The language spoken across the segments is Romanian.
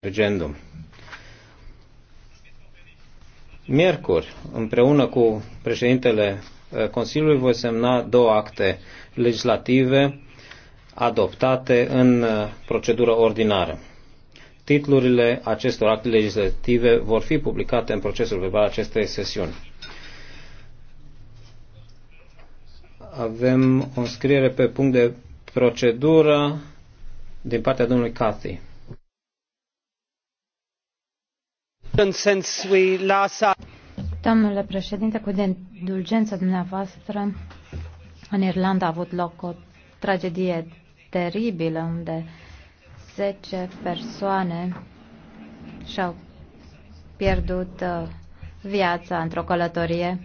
Regendum. Miercuri, împreună cu președintele eh, Consiliului, voi semna două acte legislative adoptate în eh, procedură ordinară. Titlurile acestor acte legislative vor fi publicate în procesul verbal acestei sesiuni. Avem o scriere pe punct de procedură din partea domnului Cathy. Domnule președinte, cu indulgența dumneavoastră, în Irlanda a avut loc o tragedie teribilă unde zece persoane și-au pierdut uh, viața într-o călătorie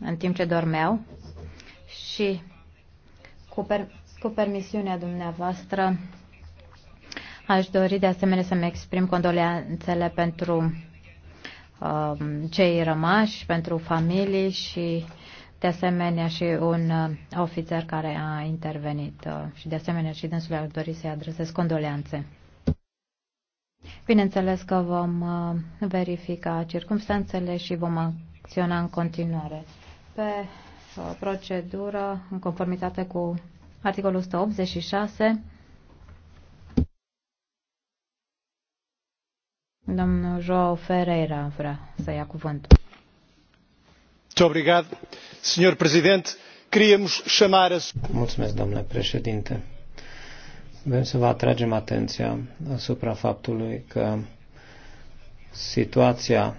în timp ce dormeau și cu, per- cu permisiunea dumneavoastră aș dori de asemenea să-mi exprim condoleanțele pentru Um, cei rămași, pentru familii și de asemenea și un uh, ofițer care a intervenit uh, și de asemenea și dânsul ar dori să-i adresez condoleanțe. Bineînțeles că vom uh, verifica circumstanțele și vom acționa în continuare pe procedură în conformitate cu articolul 186 Domnul João Ferreira vrea să ia cuvântul. Mulțumesc, domnule președinte. Vrem să vă atragem atenția asupra faptului că situația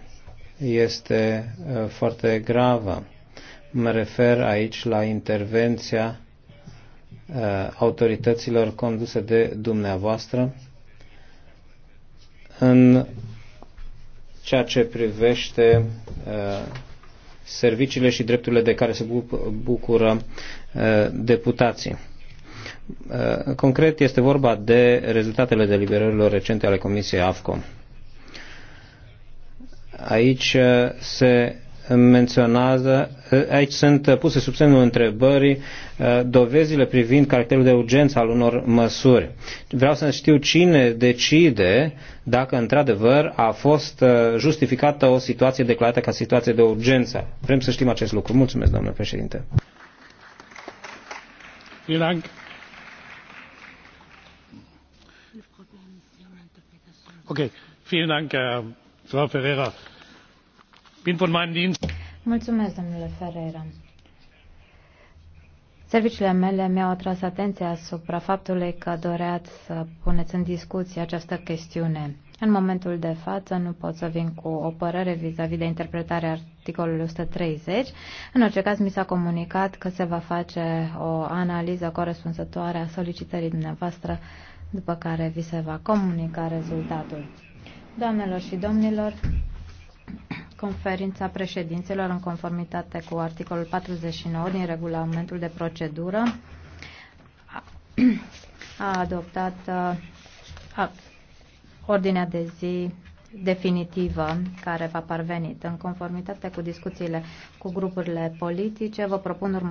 este uh, foarte gravă. Mă refer aici la intervenția uh, autorităților conduse de dumneavoastră în ceea ce privește uh, serviciile și drepturile de care se bucură uh, deputații. Uh, concret este vorba de rezultatele deliberărilor recente ale Comisiei AFCO. aici se menționează, aici sunt puse sub semnul întrebării uh, dovezile privind caracterul de urgență al unor măsuri. Vreau să știu cine decide dacă într-adevăr a fost uh, justificată o situație declarată ca situație de urgență. Vrem să știm acest lucru. Mulțumesc, domnule președinte. Vielen Okay, vielen Dank, uh, Frau Ferreira. Bin von meinem Dienst. Mulțumesc, domnule Ferreira. Serviciile mele mi-au atras atenția asupra faptului că doreați să puneți în discuție această chestiune. În momentul de față nu pot să vin cu o părere vis-a-vis -vis de interpretarea articolului 130. În orice caz, mi s-a comunicat că se va face o analiză corespunzătoare a solicitării dumneavoastră, după care vi se va comunica rezultatul. Doamnelor și domnilor, Conferința președinților, în conformitate cu articolul 49 din regulamentul de procedură, a adoptat a, ordinea de zi definitivă care va parveni. În conformitate cu discuțiile cu grupurile politice, vă propun următoarea.